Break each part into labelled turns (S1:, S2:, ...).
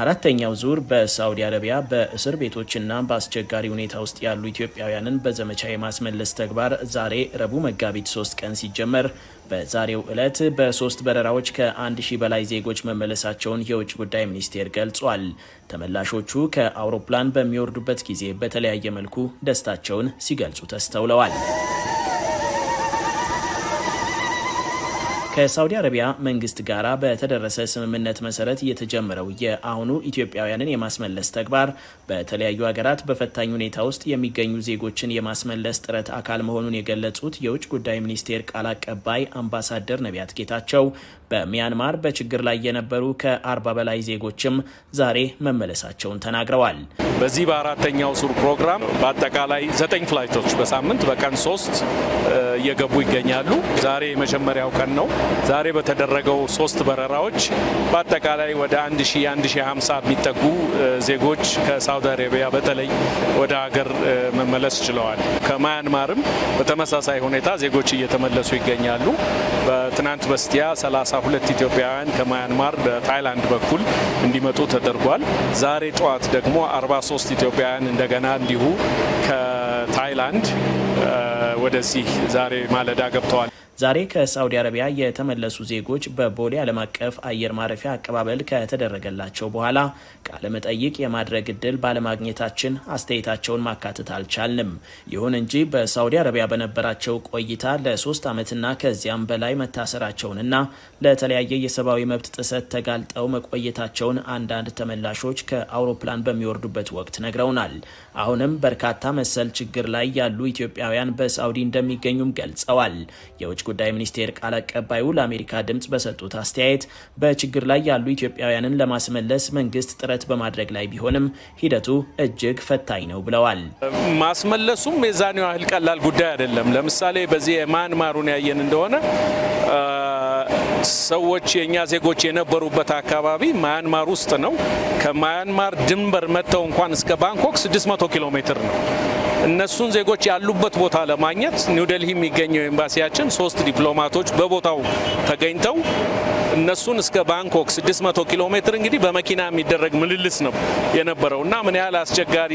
S1: አራተኛው ዙር በሳውዲ አረቢያ በእስር ቤቶችና በአስቸጋሪ ሁኔታ ውስጥ ያሉ ኢትዮጵያውያንን በዘመቻ የማስመለስ ተግባር ዛሬ ረቡዕ መጋቢት ሶስት ቀን ሲጀመር በዛሬው ዕለት በሶስት በረራዎች ከአንድ ሺህ በላይ ዜጎች መመለሳቸውን የውጭ ጉዳይ ሚኒስቴር ገልጿል። ተመላሾቹ ከአውሮፕላን በሚወርዱበት ጊዜ በተለያየ መልኩ ደስታቸውን ሲገልጹ ተስተውለዋል። ከሳውዲ አረቢያ መንግስት ጋር በተደረሰ ስምምነት መሰረት የተጀመረው የአሁኑ ኢትዮጵያውያንን የማስመለስ ተግባር በተለያዩ ሀገራት በፈታኝ ሁኔታ ውስጥ የሚገኙ ዜጎችን የማስመለስ ጥረት አካል መሆኑን የገለጹት የውጭ ጉዳይ ሚኒስቴር ቃል አቀባይ አምባሳደር ነቢያት ጌታቸው በሚያንማር በችግር ላይ የነበሩ ከአርባ በላይ ዜጎችም ዛሬ መመለሳቸውን ተናግረዋል።
S2: በዚህ በአራተኛው ሱር ፕሮግራም በአጠቃላይ ዘጠኝ ፍላይቶች በሳምንት በቀን ሶስት እየገቡ ይገኛሉ። ዛሬ የመጀመሪያው ቀን ነው። ዛሬ በተደረገው ሶስት በረራዎች በአጠቃላይ ወደ 1150 የሚጠጉ ዜጎች ከሳውዲ አረቢያ በተለይ ወደ ሀገር መመለስ ችለዋል። ከማያንማርም በተመሳሳይ ሁኔታ ዜጎች እየተመለሱ ይገኛሉ። በትናንት በስቲያ 32 ኢትዮጵያውያን ከማያንማር በታይላንድ በኩል እንዲመጡ ተደርጓል። ዛሬ ጠዋት ደግሞ 43 ኢትዮጵያውያን እንደገና እንዲሁ ከታይላንድ ወደዚህ ዛሬ ማለዳ ገብተዋል።
S1: ዛሬ ከሳውዲ አረቢያ የተመለሱ ዜጎች በቦሌ ዓለም አቀፍ አየር ማረፊያ አቀባበል ከተደረገላቸው በኋላ ቃለ መጠይቅ የማድረግ እድል ባለማግኘታችን አስተያየታቸውን ማካተት አልቻልንም። ይሁን እንጂ በሳውዲ አረቢያ በነበራቸው ቆይታ ለሶስት ዓመትና ከዚያም በላይ መታሰራቸውንና ለተለያየ የሰብአዊ መብት ጥሰት ተጋልጠው መቆየታቸውን አንዳንድ ተመላሾች ከአውሮፕላን በሚወርዱበት ወቅት ነግረውናል። አሁንም በርካታ መሰል ችግር ላይ ያሉ ኢትዮጵያውያን በሳውዲ እንደሚገኙም ገልጸዋል። የውጭ ጉዳይ ሚኒስቴር ቃል አቀባዩ ለአሜሪካ ድምፅ በሰጡት አስተያየት በችግር ላይ ያሉ ኢትዮጵያውያንን ለማስመለስ መንግስት ጥረት በማድረግ ላይ ቢሆንም ሂደቱ እጅግ ፈታኝ ነው ብለዋል።
S2: ማስመለሱም የዛኔው ያህል ቀላል ጉዳይ አይደለም። ለምሳሌ በዚህ የማንማሩን ያየን እንደሆነ ሰዎች የእኛ ዜጎች የነበሩበት አካባቢ ማያንማር ውስጥ ነው። ከማያንማር ድንበር መጥተው እንኳን እስከ ባንኮክ 600 ኪሎ ሜትር ነው። እነሱን ዜጎች ያሉበት ቦታ ለማግኘት ኒውዴልሂ የሚገኘው ኤምባሲያችን ሶስት ዲፕሎማቶች በቦታው ተገኝተው እነሱን እስከ ባንኮክ 600 ኪሎ ሜትር እንግዲህ በመኪና የሚደረግ ምልልስ ነው የነበረው እና ምን ያህል አስቸጋሪ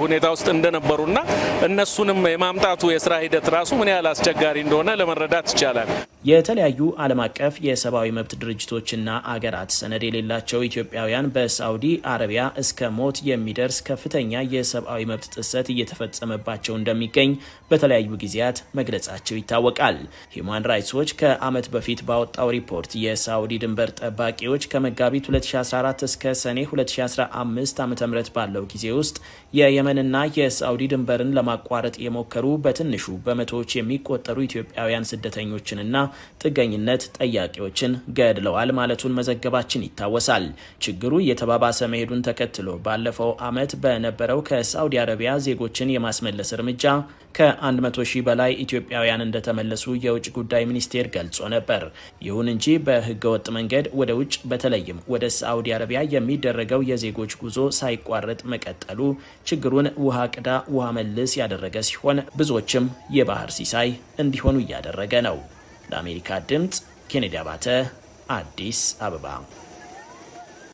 S2: ሁኔታ ውስጥ እንደነበሩና እነሱንም የማምጣቱ የስራ ሂደት ራሱ ምን ያህል አስቸጋሪ እንደሆነ ለመረዳት ይቻላል።
S1: የተለያዩ ዓለም አቀፍ የሰብአዊ መብት ድርጅቶችና አገራት ሰነድ የሌላቸው ኢትዮጵያውያን በሳዑዲ አረቢያ እስከ ሞት የሚደርስ ከፍተኛ የሰብአዊ መብት ጥሰት እየተፈጸመባቸው እንደሚገኝ በተለያዩ ጊዜያት መግለጻቸው ይታወቃል። ሂውማን ራይትስ ዎች ከዓመት በፊት ባወጣው ሪፖርት የሳውዲ ድንበር ጠባቂዎች ከመጋቢት 2014 እስከ ሰኔ 2015 ዓ ም ባለው ጊዜ ውስጥ የየመንና የሳውዲ ድንበርን ለማቋረጥ የሞከሩ በትንሹ በመቶዎች የሚቆጠሩ ኢትዮጵያውያን ስደተኞችንና ጥገኝነት ጠያቂዎችን ገድለዋል ማለቱን መዘገባችን ይታወሳል። ችግሩ እየተባባሰ መሄዱን ተከትሎ ባለፈው ዓመት በነበረው ከሳውዲ አረቢያ ዜጎችን የማስመለስ እርምጃ ከ100 ሺህ በላይ ኢትዮጵያውያን እንደተመለሱ የውጭ ጉዳይ ሚኒስቴር ገልጾ ነበር። ይሁን እንጂ በ በህገወጥ መንገድ ወደ ውጭ በተለይም ወደ ሳዑዲ አረቢያ የሚደረገው የዜጎች ጉዞ ሳይቋረጥ መቀጠሉ ችግሩን ውሃ ቅዳ ውሃ መልስ ያደረገ ሲሆን ብዙዎችም የባህር ሲሳይ እንዲሆኑ እያደረገ ነው። ለአሜሪካ ድምፅ ኬኔዲ አባተ አዲስ አበባ